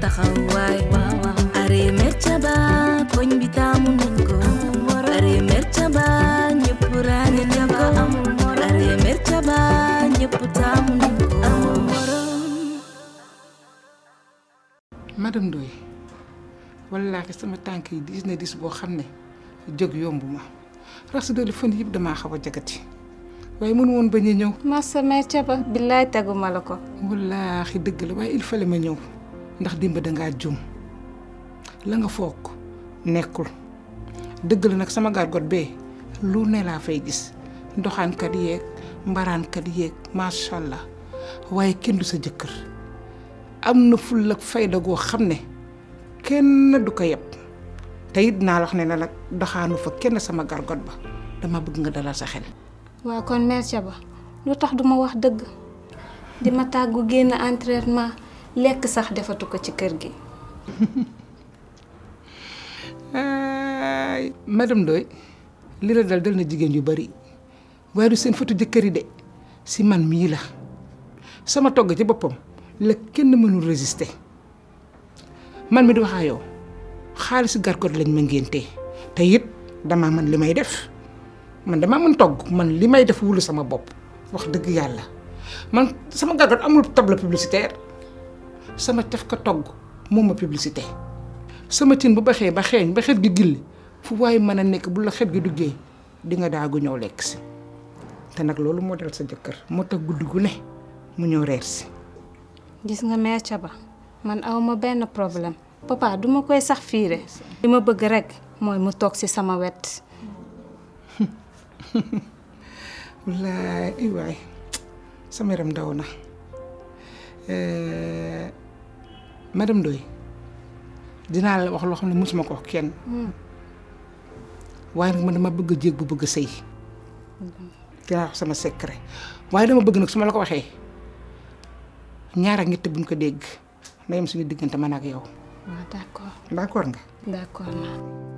تخواي أري مرتبة كون بتامون نكو أري مرتبة نبران نكو أري مرتبة نبتامون madame Ndoye wallahi sama tànk yi dis na dis boo xam ne jóg ma rax dolli fan yëpp damaa xaw a jagati waaye mënu woon bañ a ñëw. ma sama caba billaay la il fallait ma ndax dimba nga jum la nga fokk nekkul dëgg la nag sama gargot bee lu ne laa fay gis doxaankat yeeg mbaraankat yeeg macha allah waaye kenn du sa jëkkër am na ful ak fayda goo xam ne kenn du ko yeb te it naa wax ne la nag doxaanu fa kenn sama gargot ba dama bëgg nga dalal sa xel. kon mère Thiaba lu tax duma wax dëgg di ma tàggu génn entraînement. lekk sax defatu ko ci kër gi. madame Ndoye li la dal dal na jigéen yu bari waaye du seen fatu jëkkër yi de si man mii la sama togg ci boppam la kenn mënul résister man mi di wax ak yow xaalisu gargot lañ ma ngénte te it damaa man li may def man damaa mën togg man li may def wulu sama bopp wax dëgg yàlla man sama gargot amul table publicitaire. sama tef ko togg moma publicité sama tin bu baxé ba xéñ ba xet gi gil fu way mëna nek bu la xet gi duggé di nga daagu ñëw lek ci té nak lolu mo dal sa jëkkeur mo tax gudd gu ne mu ñëw rër ci gis nga mère chaba man ben problème papa duma koy sax fiire li bëgg rek moy mu tok si sama wet la iway sama yaram daw ma madame Ndoye dinaa la wax loo xam ne suma ko wax kenn hmm. waaye nag ma dama bëgg jéeg bu bëgg sëy dinaa hmm. wax sama secret waaye dama bëgg nag su ma la ko waxee ñaar ak ñett buñ ko dégg na yem suñu diggante man ak yow. waaw ah, d'accord nga. d'accord naa.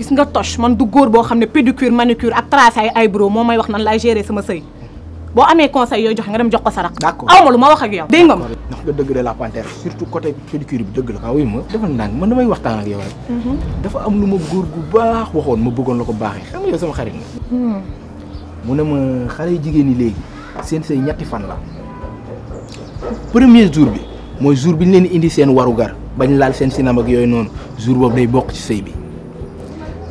gis nga Toch man du góor boo xam ne pédicure manucure ak tracé ay eyebrow moo may wax nan laay gérer sama sëy boo amee conseil yooyu joxe nga dem jox ko sarax. d'accord aw ma lu ma wax ak yow. dégg nga ma ndax nga dëgg de la panthère surtout côté pédicure bi dëgg la waaw ah oui ma defal ndànk man damay waxtaan ak yow rek. Mhm. dafa am lu ma góor gu baax waxoon ma bëggoon la ko baaxee xam nga yow sama xarit la. Hmm. mu ne ma xale yu jigéen ñi léegi seen sëy ñetti fan la premier jour bi mooy jour bi ñu leen indi seen warugar bañ laal seen sinam ak yooyu noonu jour boobu day bokk ci sëy bi.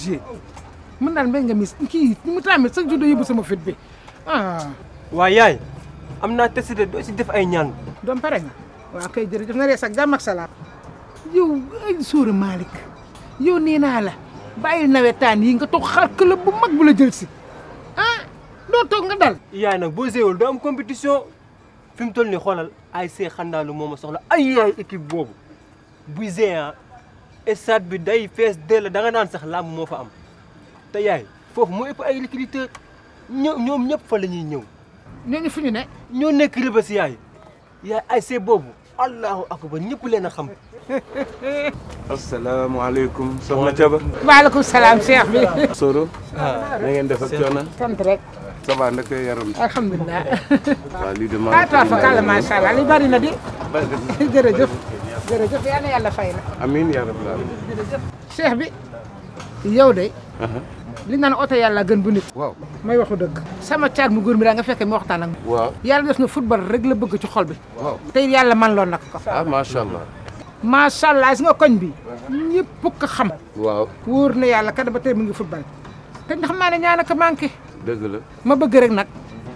G man daal mbéy nga mis kii mu tamit sax juddoo yóbbu sama fit bi ah. waaw yaay am naa testé doo si def ay ñaan. doom pare nga waaw kay jërëjëf na rees ak jàmm ak salaam. ay sóora Malick yow nee naa la bàyyi nawetaan yi nga toog xaar club bu mag bu la jël si a ah, doo toog nga dal. yaay nag boo séewul doo am compétition fi ni toll ay see xandaalu moo ma soxla ay yaay équipe boobu buy séen stade bi day fees dell da nga naan sax làmb moo fa am te yaay foofu moo ëpp ay recruteur ñoo ñoom ñëpp fa la ñuy ñëw. ñu fu ñu ne. ñoo nekk rëbës yaay yaay ay see boobu allahu ba ñëpp leen a xam. asalaamaaleykum. soxna Thiaba. maaleykum salaam Cheikh bi. Soro. waaw ah, na ngeen def ak coono. sant rek. ça va naka yaram. alhamdulilah. waaw lii de maa. macha allah li bari na di. jërëjëf. jërëjëf yal na yàlla fay la. amiin yaa rabbal aalamiin. cheikh bi yow de. li naan oto yàlla gën bu nit. waaw may waxu dëgg. sama caag mu góor mi daa nga fekkee mu waxtaan ak. waaw yàlla def na football rek la bëgg ci xol bi. tey yàlla man loon nag ko. ah macha allah. macha allah gis nga koñ bi. ñëpp ko xam. waaw wóor na yàlla kat ba tey mu ngi football. te xam naa ne ñaan ak manqué. dëgg la ma bëgg rek nag.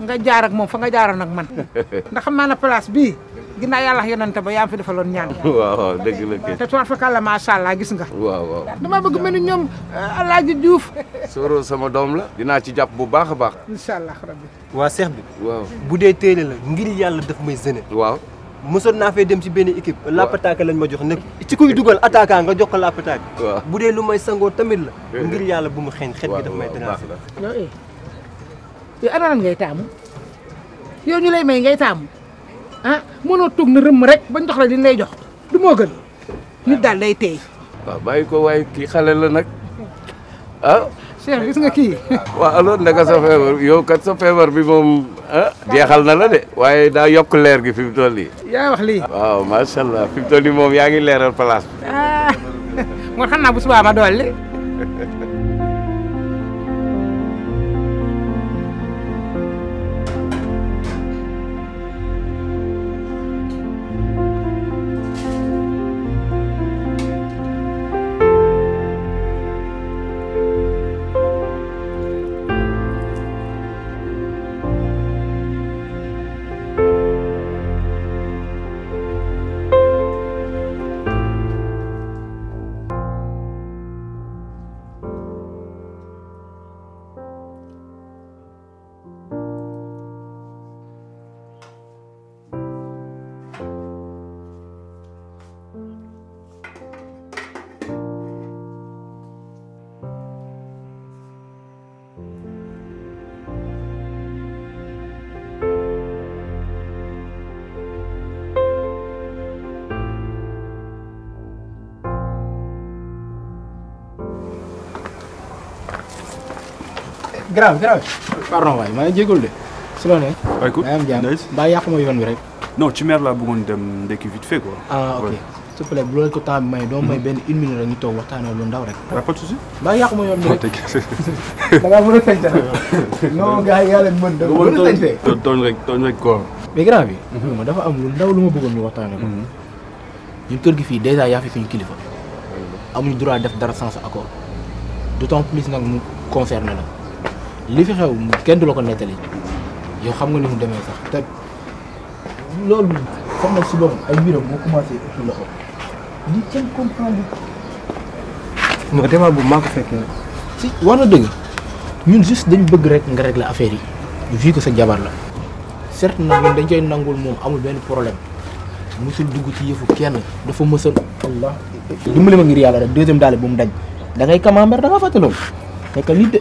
nga jaar ak moom fa nga jaara nag man. ndax xam naa ne place ginnaaw yàlla ak yonante ba yaa fi defaloon ñaan yi. waaw waaw dëgg la kay. te tuwaat fakalla macha allah gis nga. waaw waaw dama bëgg mel ni ñoom El Hadj Diouf. Soro sama doom la. dinaa ci jàpp bu baax a baax. incha allah rabbi. waa seex bi. bu dee téele la ngir yàlla daf may zëne. waaw. mosoon naa fee dem ci benn équipe. waaw laapataaka lañ ma jox nekk ci kuy dugal attaquant nga jox ko laapataaka. waaw bu dee lu may sangoo tamit la. ngir yàlla bu mu xeeñ xet gi daf may eh. ñu lay may ngay ah mënoo toog na rëmm rek bañ jox la li lay jox du moo nit daal day teey waaw bàyyi ko waaye kii xale la nag ah. Cheikh gis nga kii. waaw alors ndaka sa feebar bi moom ah jeexal na la de waaye daa yokk leer gi fi mu toll yaa wax lii. waaw macha allah fi mu moom yaa ngi leeral place bi. Ah. xam naa bu subaa ma dolli. grave grave pardon waay maa ngi jégalu de su la nee. waaye ku am jàmm mbaa yàqu yoon bi rek. no ci mer laa bëggoon dem ah, hmm. de souci. mbaa yàqu ma yoon bi rek. da ngaa a sañ non gars yi yaa leen mën da mën a sañ tooñ rek tooñ rek quoi. bi. ma mhm. dafa am lu ndaw lu mhm. gi fii dèjà yaa fi suñu kilifa. amuñu droit def dara sans accord d'autant plus nag mu concerné li fi xew kenn du la ko nettali yow xam nga ni mu demee sax te loolu xam na si boppam ay mbiram moo commencé ëpp loxo li kenn bu maa ko fekkee. si na dëgg ñun juste dañ bëgg rek nga la affaire yi vu que sa jabar la. certes nag ñun dañ koy nangul moom amul benn problème musul dugg ci yëfu kenn dafa mësa allah dimbali ma ngir yàlla rek deuxième daal bu mu dañ da ngay camembert da nga fàtte loolu fekk nit de.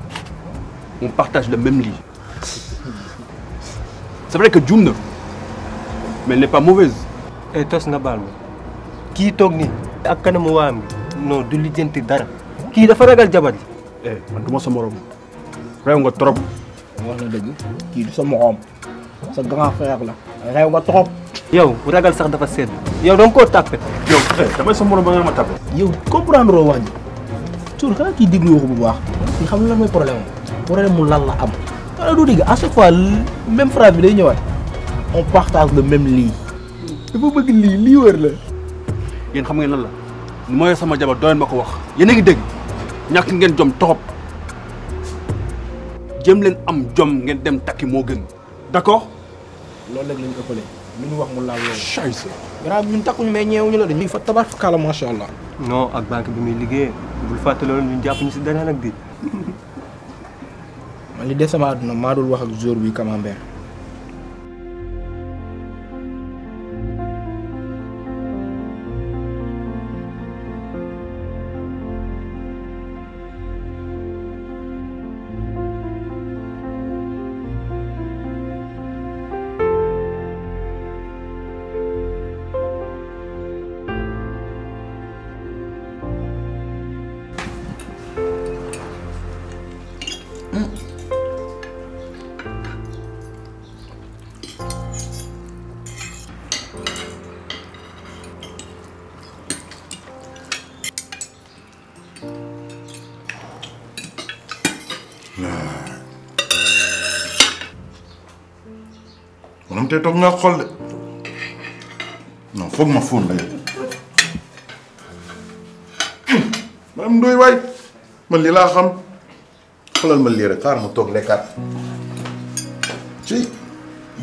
on partage le même lit. C'est vrai que Djoum mais elle n'est pas mauvaise. Et eh, toi, Snabal, qui est Togni Akanamu Wami Non, de l'identité d'Ara. Qui est le Faragal Djabad Eh, man, comment ça m'a dit Rêve nga trop. Wax na deug ki du sa morom. Sa grand frère la. Rêve nga trop. Yow, ragal sax dafa sedd. Yow dang ko tapé. Yow, eh, dama sa morom ba nga ma tapé. Yow comprendre ro wax ji. Tour xana ki diglu waxu bu baax. Xam la moy problème. pour mu lan la am wala du digg à chaque fois même phrase bi day ñëwaat on partage le même lii dafa bëgg lii lii wër la yéen xam ngeen lan la mooy sama jabar doyen ma ko wax yéen a ngi dégg ñàkk ngeen jom toxob jëm leen am jom ngeen dem takki moo gën d'accord loolu rek des ëppale lu ñu wax mu laal loolu chance grave ñun takkuñu mais ñeewuñu la dañuy fa tabaar fa kaala macha allah non ak banque bi muy liggéeyee bul fàtte loolu ñun ñu si dara nak di man li des sama aduna ma dul wax ak jour bi camembert Mm. hmm te tok nga xol de non fogg ma fon la mam doy way man lii laa xam xolal ma li rek xaar ma tok lekkaat ci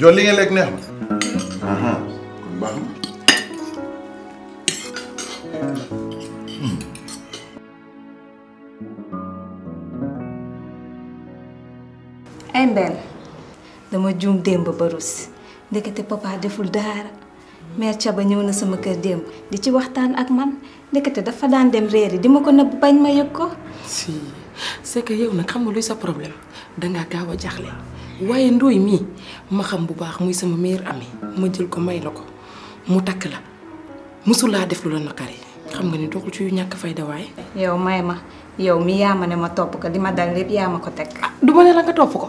jool li nga lek neex na kon baax na hmm. ay dama jum démb ba rus ndekete papa deful dara mère Thiaba ñëw na sama kër démb di ci waxtaan ak man ndekete dafa daan dem yi di ma ko nëbb bañ ma yëg ko. si c'est que yow nag xam nga luy sa problème dangaa gaaw a jaxle waaye ndooy mii ma xam bu baax muy sama meilleur ami ma jël ko may la ko mu takk la mosulaa def lu la naqari xam nga ni doxul yu ñàkk fayda waaye. yow may ma yow mi yaa ma ne ma topp ko li ma dal lépp yaa ma ko teg. ah du ma ne la nga topp ko.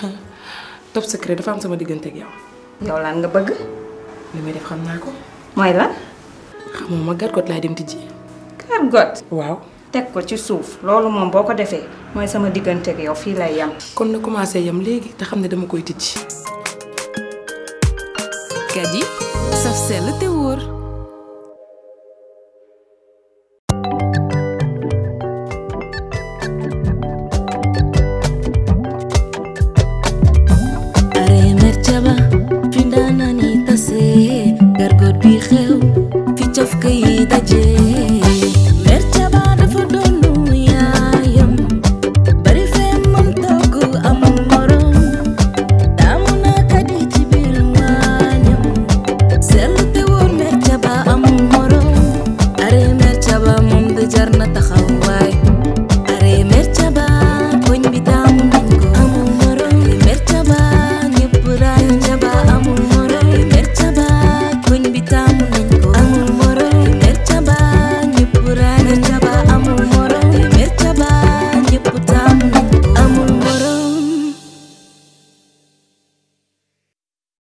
top secret dafa am sama diggante ak yow. yow lan nga bëgg. li may def xam naa ko. mooy la xamoo ma gargote laay dem tijji. gargote. waaw. teg ko ci suuf loolu moom boo ko defee mooy sama diggante ak yow fii lay yam. kon na commencé yam léegi te xam ne dama koy tijji. kat yi saf sell te wóor.